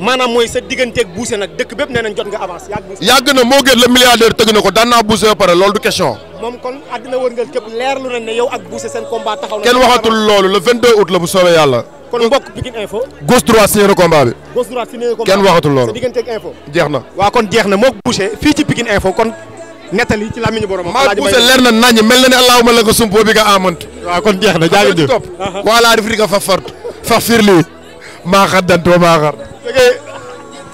maanaam mooy sa digganteeg Boucher nag dëkk bépp nee nañ jot nga avance yàgg na moo gën la milliardaire tëgg na ko daan naa Boucher ba pare loolu du question moom kon àddina wërngal képp leerlu nañ ne yow ak Boucher seen combat taxaw na kenn waxatul loolu le 22 août la bu soobee yàlla kon mbokk Pikine Info gauche droite signé na combat bi gauche droite signé na combat kenn waxatul loolu sa digganteeg info jeex na waaw kon jeex na mook Boucher fii ci Pikine Info kon nettali ci làmmiñu borom maa Boucher leer na nañ mel na ne allahuma la ko sumpo bi nga amant waaw kon jeex na jaagi jëf voilà difri ka fa fort fax firli maa xaddanto maa xar